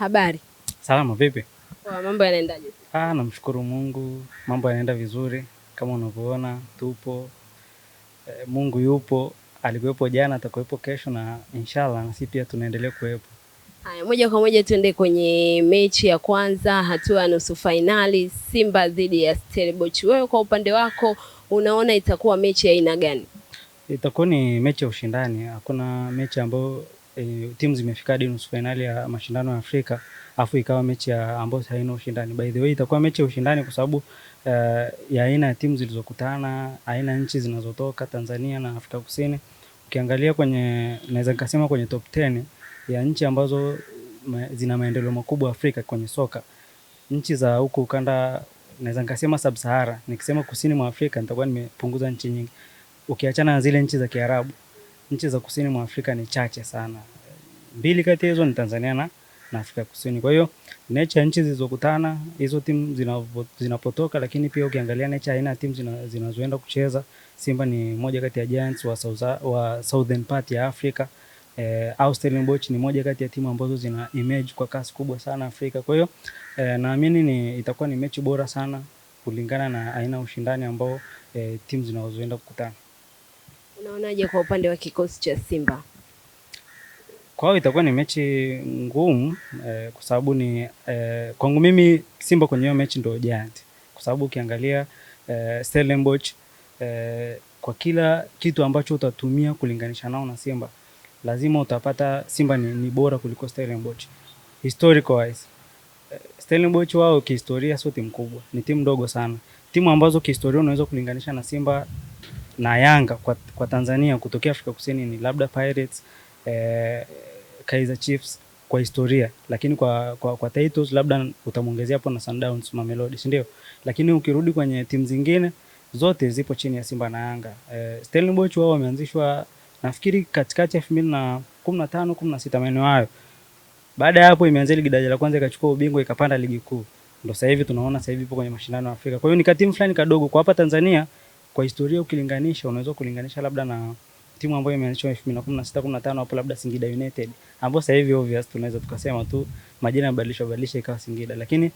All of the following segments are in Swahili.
Habari. Salama, vipi? Ah, mambo yanaendaje? Ah, namshukuru Mungu, mambo yanaenda vizuri kama unavyoona tupo. E, Mungu yupo, alikuwepo jana, atakuwepo kesho na inshallah nasi pia tunaendelea kuwepo. Haya, moja kwa moja tuende kwenye mechi ya kwanza hatua ya nusu fainali Simba dhidi ya Stellenbosch. Wewe kwa upande wako unaona itakuwa mechi ya aina gani? Itakuwa ni mechi ya ushindani, hakuna mechi ambayo e, timu zimefika hadi nusu fainali ya mashindano ya Afrika afu ikawa mechi ya ambayo haina ushindani. By the way itakuwa mechi ya ushindani kwa sababu uh, ya aina ya timu zilizokutana, aina nchi zinazotoka Tanzania na Afrika Kusini. Ukiangalia kwenye, naweza nikasema kwenye top 10 ya nchi ambazo zina maendeleo makubwa Afrika kwenye soka, nchi za huko ukanda naweza nikasema sub Sahara, nikisema kusini mwa Afrika nitakuwa nimepunguza nchi nyingi, ukiachana na zile nchi za Kiarabu nchi za kusini mwa Afrika ni chache sana. Mbili kati hizo ni Tanzania na, na Afrika Kusini. Kwa hiyo nature ya nchi zilizokutana hizo timu zinapotoka, lakini pia ukiangalia nature aina ya timu zinazoenda zina kucheza, Simba ni moja kati ya giants wa, South, wa southern part ya Afrika. Eh, au Stellenbosch ni moja kati ya timu ambazo zina image kwa kasi kubwa sana Afrika. Kwa hiyo eh, naamini ni itakuwa ni mechi bora sana kulingana na aina ya ushindani ambao eh, timu zinazoenda kukutana Unaonaje kwa upande wa kikosi cha Simba? Kwao itakuwa ni mechi ngumu eh, kwa sababu ni eh, kwangu mimi Simba kwenye hiyo mechi ndio giant, kwa sababu ukiangalia eh, Stellenbosch eh, kwa kila kitu ambacho utatumia kulinganisha nao na Simba lazima utapata Simba ni, ni bora kuliko Stellenbosch historical wise. Eh, Stellenbosch wao kihistoria sio timu kubwa, ni timu ndogo sana. Timu ambazo kihistoria unaweza kulinganisha na Simba na Yanga kwa, kwa Tanzania kutokea Afrika Kusini ni labda Pirates, eh, Kaizer Chiefs kwa historia, lakini kwa, kwa, kwa titles labda utamwongezea hapo na Sundowns, Mamelodi, si ndio? Lakini ukirudi kwenye timu zingine zote zipo chini ya Simba na Yanga. Eh, Stellenbosch wao wameanzishwa nafikiri katikati ya 2015 16 maeneo hayo. Baada ya hapo imeanza ligi daraja la kwanza ikachukua ubingwa ikapanda ligi kuu. Ndio sasa hivi tunaona sasa hivi ipo kwenye mashindano ya Afrika. Kwa hiyo ni katimu fulani kadogo kwa hapa Tanzania kwa historia ukilinganisha, unaweza kulinganisha labda na timu ambayo imeanzishwa 2016 15 hapo labda Singida United, ambapo sasa hivi obvious tunaweza tukasema tu majina yabadilishwa badilisha ikawa Singida, lakini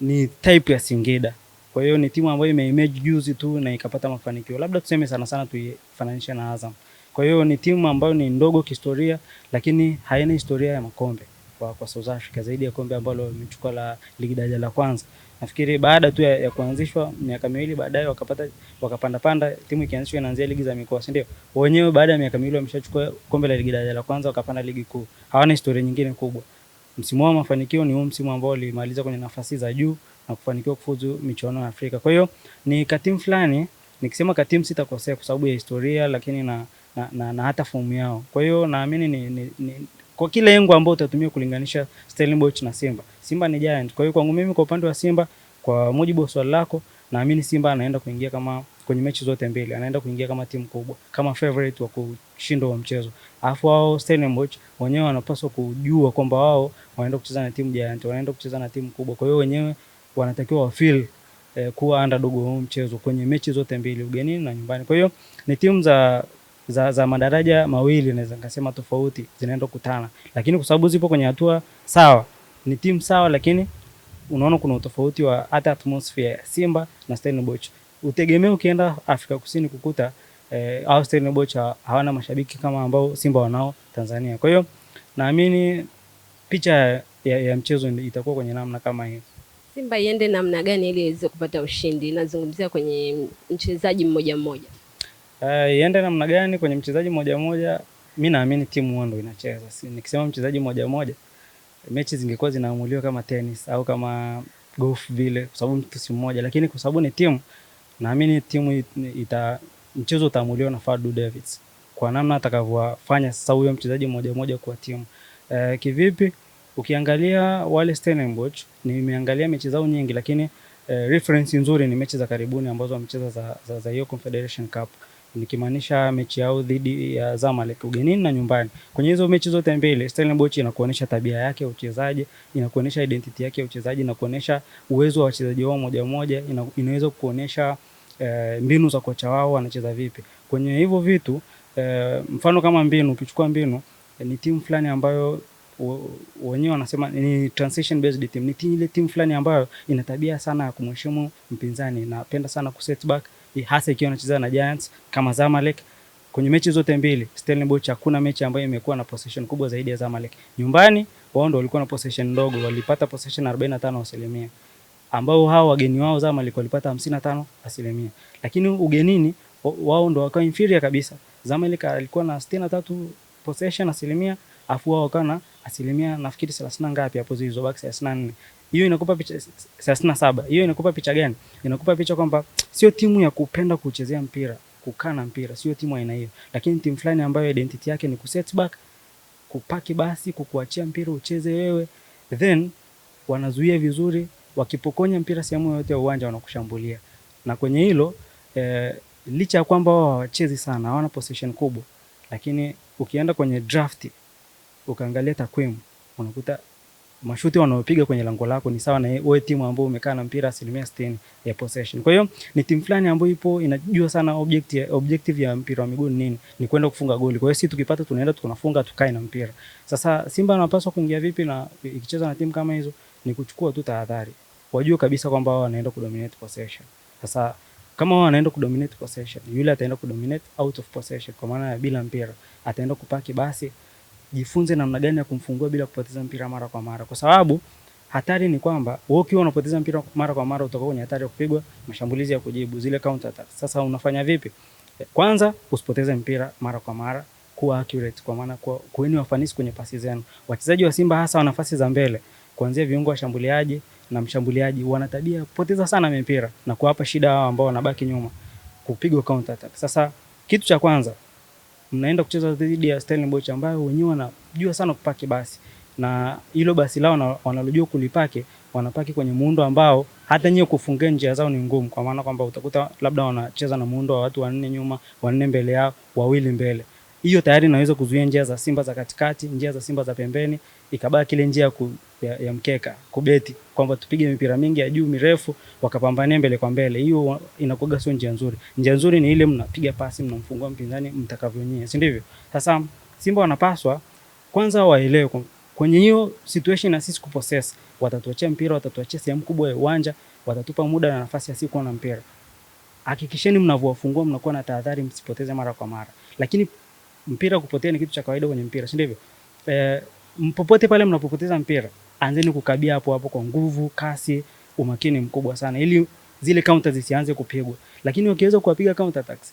ni type ya Singida. Kwa hiyo ni timu ambayo imeimage juzi tu na ikapata mafanikio, labda tuseme sana sana tuifananishe na Azam. Kwa hiyo ni timu ambayo ni ndogo kihistoria, lakini haina historia ya makombe kwa, kwa South Africa zaidi ya kombe ambalo imechukua la ligi daraja la kwanza nafikiri baada tu ya, ya kuanzishwa miaka miwili baadaye wakapata wakapanda panda, timu ikianzishwa inaanzia ligi za mikoa, si ndio? Wenyewe baada ya miaka miwili wameshachukua kombe la ligi daraja la kwanza, wakapanda ligi kuu. Hawana historia nyingine kubwa. Msimu wa mafanikio ni huu msimu ambao walimaliza kwenye nafasi za juu na kufanikiwa kufuzu michuano ya Afrika. Kwa hiyo ni katimu fulani, nikisema katimu sitakosea kwa sababu ya historia, lakini na na, na, na hata fomu yao. Kwa hiyo naamini ni, ni, ni kwa kila lengo ambao utatumia kulinganisha Stellenbosch na Simba. Simba ni giant. Kwa hiyo kwangu mimi, kwa upande wa Simba, kwa mujibu wa swali lako, naamini Simba anaenda kuingia kama kwenye mechi zote mbili, anaenda kuingia kama timu kubwa, kama favorite wa kushinda wa mchezo. Alafu wao Stellenbosch wenyewe wanapaswa kujua kwamba wao wanaenda kucheza na timu giant, wanaenda kucheza na timu kubwa. Kwa hiyo wenyewe wanatakiwa wa feel eh, kuwa underdog wa mchezo kwenye mechi zote mbili, ugenini na nyumbani. Kwa hiyo ni timu za za, za madaraja mawili naweza nikasema tofauti zinaenda kukutana, lakini kwa sababu zipo kwenye hatua sawa, ni timu sawa, lakini unaona kuna utofauti wa hata atmosphere ya Simba na Stellenbosch. Utegemea ukienda Afrika Kusini kukuta eh, au Stellenbosch hawana mashabiki kama ambao Simba wanao Tanzania. Kwa hiyo naamini picha ya, ya mchezo itakuwa kwenye namna kama hiyo. Simba iende namna gani ili iweze kupata ushindi? Nazungumzia kwenye mchezaji mmoja mmoja Eh, iende uh, namna gani kwenye mchezaji moja moja, mi naamini timu huwa ndo inacheza. Si nikisema mchezaji moja moja, mechi zingekuwa zinaamuliwa kama tenis au kama golf vile, kwa sababu mtu si mmoja, lakini kwa sababu ni timu, naamini timu ita mchezo utaamuliwa na Fadlu Davids kwa namna atakavyofanya sasa huyo mchezaji moja moja kwa timu. Uh, kivipi? Ukiangalia wale Stellenbosch, nimeangalia mechi zao nyingi, lakini uh, reference nzuri ni mechi za karibuni ambazo wamecheza za, za, za hiyo Confederation Cup nikimaanisha mechi yao dhidi ya Zamalek ugenini na nyumbani. Kwenye hizo mechi zote mbili, Stellenbosch inakuonyesha tabia yake ya uchezaji, inakuonyesha identity yake ya uchezaji, inakuonyesha uwezo wa wachezaji wao moja moja, inaweza kuonyesha e, eh, mbinu za kocha wao wanacheza vipi. Kwenye hivyo vitu e, mfano kama mbinu, ukichukua mbinu e, ni timu fulani ambayo wenyewe wanasema ni transition based team, ni timu ile timu fulani ambayo ina tabia sana ya kumheshimu mpinzani, inapenda sana kuset back wapi, hasa ikiwa anacheza na Giants kama Zamalek. Kwenye mechi zote mbili Stellenbosch hakuna mechi ambayo imekuwa na possession kubwa zaidi ya Zamalek. Nyumbani wao ndio walikuwa na possession ndogo, walipata possession 45% ambao hao wageni wao Zamalek walipata 55%, lakini ugenini wao ndio wakawa inferior kabisa. Zamalek alikuwa na 63 possession asilimia afu wao wakawa na asilimia nafikiri thelathini ngapi hapo zilizobaki thelathini na nne hiyo inakupa picha thelathini na saba hiyo inakupa picha gani? Inakupa picha kwamba sio timu ya kupenda kuchezea mpira, kukaa na mpira, sio timu aina hiyo, lakini timu fulani ambayo identity yake ni kuset back, kupaki basi, kukuachia mpira ucheze wewe, then wanazuia vizuri, wakipokonya mpira sehemu yote ya uwanja wanakushambulia. Na kwenye hilo eh, licha ya kwamba wao hawachezi sana, hawana possession kubwa, lakini ukienda kwenye drafti ukaangalia takwimu unakuta mashuti wanaopiga kwenye lango lako ni sawa na wewe timu ambayo umekaa na mpira asilimia sitini ya possession. Kwa hiyo ni timu fulani ambayo ipo inajua sana object, ya, objective ya mpira wa miguu nini, ni kwenda kufunga goli. Kwa hiyo sisi tukipata tunaenda tunafunga tukae na mpira. Sasa Simba anapaswa kuingia vipi na ikicheza na timu kama hizo? Ni kuchukua tu tahadhari, wajue kabisa kwamba wao wanaenda kudominate possession. Sasa kama wao wanaenda kudominate possession, yule ataenda kudominate out of possession, kwa maana ya bila mpira ataenda kupaki basi jifunze namna gani ya kumfungua bila kupoteza mpira mara kwa mara, kwa sababu hatari ni kwamba wewe ukiwa unapoteza mpira mara kwa mara utakuwa kwenye hatari ya kupigwa mashambulizi ya kujibu, zile counter attack. Sasa unafanya vipi? Kwanza usipoteze mpira mara kwa mara, kuwa accurate, kwa maana kwa kuweni wafanisi kwenye pasi zenu. Wachezaji wa Simba hasa wa nafasi za mbele, kuanzia viungo washambuliaji na mshambuliaji, wana tabia kupoteza sana mipira na kuwapa shida hao ambao wanabaki nyuma kupigwa counter attack. Sasa kitu cha kwanza mnaenda kucheza dhidi ya Stellenbosch ambayo wenyewe wanajua sana kupaki basi, na hilo basi lao wanalojua kulipake wanapaki kwenye muundo ambao hata nyewe kufungia njia zao ni ngumu, kwa maana kwamba utakuta labda wanacheza na muundo wa watu wanne nyuma, wanne mbele yao, wawili mbele hiyo tayari inaweza kuzuia njia za Simba za katikati, njia za Simba za pembeni, ikabaki ile njia ku, ya, ya mkeka kubeti kwamba tupige mipira mingi ya juu mirefu wakapambania mbele kwa mbele. Hiyo inakuwa sio njia nzuri. Njia nzuri ni ile mnapiga pasi, mnamfungua mpinzani mtakavyonyea, si ndivyo? Sasa Simba wanapaswa kwanza waelewe kwenye hiyo situation na sisi kupossess, watatuachia mpira, watatuachia sehemu kubwa ya uwanja, watatupa muda na nafasi ya sisi kuwa na mpira. Hakikisheni mnavyowafungua mnakuwa na tahadhari, msipoteze mara kwa mara, lakini mpira kupotea ni kitu cha kawaida kwenye mpira, si ndivyo? Eh, popote pale mnapopoteza mpira, anzeni kukabia hapo hapo kwa nguvu, kasi, umakini mkubwa sana ili zile counter zisianze kupigwa. Lakini ukiweza kuwapiga counter attacks,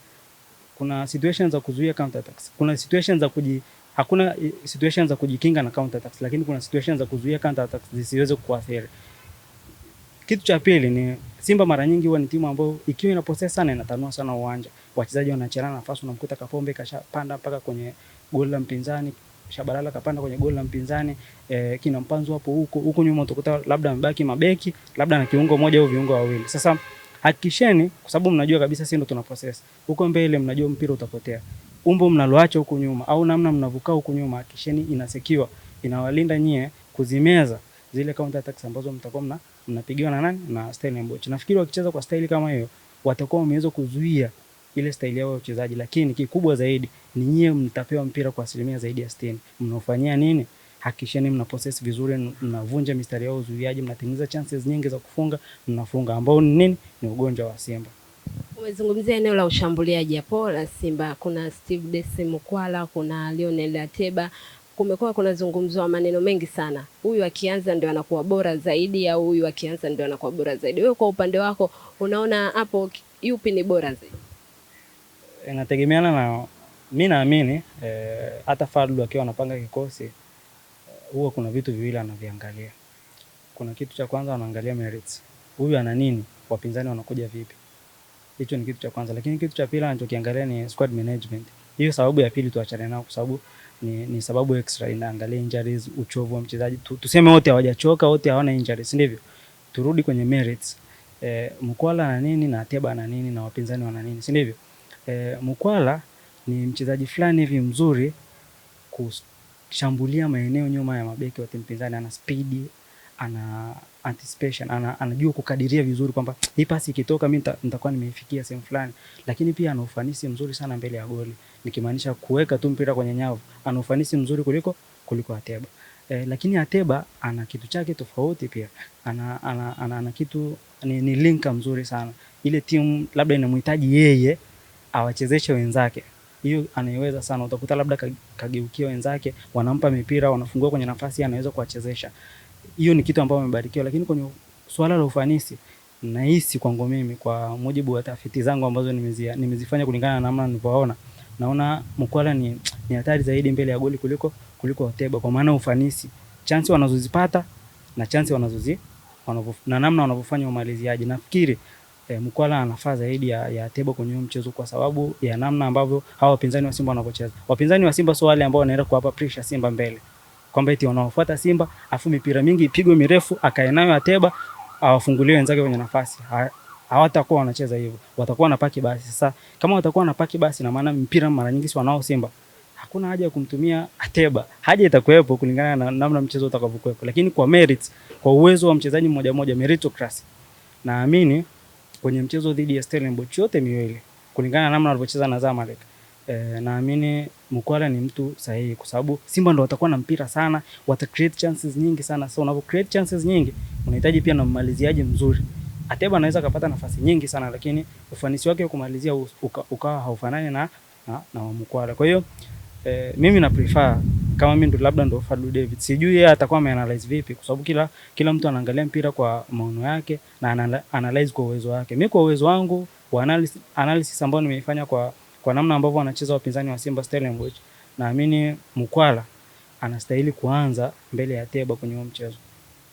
kuna situations za kuzuia counter attacks. Kuna situations za kuji hakuna eh, situations za kujikinga na counter attacks, lakini kuna situations za kuzuia counter attacks zisiweze kuathiri. Kitu cha pili ni Simba mara nyingi huwa ni timu ambayo ikiwa inaposea sana inatanua sana uwanja. Wachezaji wanachana nafasi, unamkuta Kapombe kashapanda mpaka kwenye goli la mpinzani, Shabalala kapanda kwenye goli la mpinzani, e, kina Mpanzu hapo huko. Huko nyuma utakuta labda amebaki mabeki, labda na kiungo moja au viungo wawili. Sasa hakikisheni kwa sababu mnajua kabisa sisi ndo tuna process. Huko mbele mnajua mpira utapotea. Umbo mnaloacha huko nyuma au namna mnavukaa huko nyuma hakikisheni inasekiwa, inawalinda nyie kuzimeza zile counter attacks ambazo mtakuwa mna, mnapigiwa na nani na Stellenbosch. Nafikiri wakicheza kwa staili kama hiyo watakuwa wameweza kuzuia ile staili yao ya uchezaji, lakini kikubwa zaidi ni nyie mtapewa mpira kwa asilimia zaidi ya 60. Mnaofanyia nini? Hakikisheni mna possess vizuri, mnavunja mistari yao uzuiaji, mnatengeneza chances nyingi za kufunga, mnafunga, ambao ni nini? Ni ugonjwa wa Simba. Umezungumzia eneo la ushambuliaji hapo la Simba, kuna Steve Dese Mukwala, kuna Lionel Ateba kumekuwa kunazungumzwa maneno mengi sana, huyu akianza ndio anakuwa bora zaidi, au huyu akianza ndio anakuwa bora zaidi. Wewe kwa upande wako unaona hapo yupi ni bora zaidi? Eh, inategemeana na mi naamini eh, hata Fadlu akiwa anapanga kikosi eh, huwa kuna vitu viwili anaviangalia. Kuna kitu cha kwanza anaangalia merits, huyu ana nini, wapinzani wanakuja vipi. Hicho ni kitu cha kwanza, lakini kitu cha pili anachokiangalia ni squad management. Hiyo sababu ya pili tuachane nao, kwa sababu ni, ni sababu extra inaangalia injuries, uchovu wa mchezaji. Tuseme wote hawajachoka, wote hawana injuries, ndivyo. Turudi kwenye merits. E, Mkwala ana nini na Ateba ana nini na wapinzani wana nini, si ndivyo? E, Mkwala ni mchezaji fulani hivi mzuri kushambulia maeneo nyuma ya mabeki wa timu pinzani, ana spidi, ana anticipation, ana, anajua kukadiria vizuri kwamba hii pasi ikitoka mimi nitakuwa nimeifikia sehemu fulani, lakini pia ana ufanisi mzuri sana mbele ya goli, nikimaanisha kuweka tu mpira kwenye nyavu, ana ufanisi mzuri kuliko kuliko Ateba. Eh, lakini Ateba ana kitu chake tofauti pia, ana, ana, ana, ana kitu ni, ni linka mzuri sana ile timu labda inamhitaji yeye awachezeshe wenzake, hiyo anaiweza sana. Utakuta labda kageukia wenzake, wanampa mipira, wanafungua kwenye nafasi, anaweza kuwachezesha hiyo ni kitu ambayo amebarikiwa, lakini kwenye swala la ufanisi nahisi kwangu mimi, kwa mujibu wa tafiti zangu ambazo nimezia, nimezifanya kulingana na namna nilivyoona, naona Mkwala ni ni hatari zaidi mbele ya goli kuliko kuliko Oteba, kwa maana ufanisi, chansi wanazozipata na chansi wanazozi na namna wanavyofanya umaliziaji. Nafikiri eh, Mkwala anafaa zaidi ya, ya Oteba kwenye mchezo kwa sababu ya namna ambavyo hawa wapinzani wa Simba wanavyocheza. Wapinzani wa Simba sio wale ambao wanaenda kuwapa pressure Simba mbele kwamba eti wanaofuata Simba afu mipira mingi ipigwe mirefu akae nayo Ateba awafungulie wenzake kwenye nafasi. Hawatakuwa wanacheza hivyo, watakuwa na paki basi. Sasa kama watakuwa na paki basi, na maana mpira mara nyingi si wanao Simba, hakuna haja ya kumtumia Ateba. Haja itakuwepo kulingana na namna mchezo utakavyokuwepo, lakini kwa merits, kwa uwezo wa mchezaji mmoja mmoja, meritocracy, naamini kwenye mchezo dhidi ya Stellenbosch yote miwili kulingana na namna walivyocheza na Zamalek, eh, naamini Mkwala ni mtu sahihi, kwa sababu Simba ndo watakuwa na mpira sana, wata create chances nyingi sana. So unapo create chances nyingi, unahitaji pia na mmaliziaji mzuri. Ateba anaweza kapata nafasi nyingi sana, lakini ufanisi wake wa kumalizia ukawa uka haufanani na na, na Mkwala. Kwa hiyo eh, mimi na prefer kama mimi ndo labda ndo Fadlu David. Sijui yeye atakuwa ameanalyze vipi kwa sababu kila kila mtu anaangalia mpira kwa maono yake na analyze kwa uwezo wake. Mimi kwa uwezo wangu wa analysis, analysis ambayo nimeifanya kwa kwa namna ambavyo wanacheza wapinzani wa Simba Stellenbosch, naamini Mkwala anastahili kuanza mbele ya Teba kwenye huo mchezo.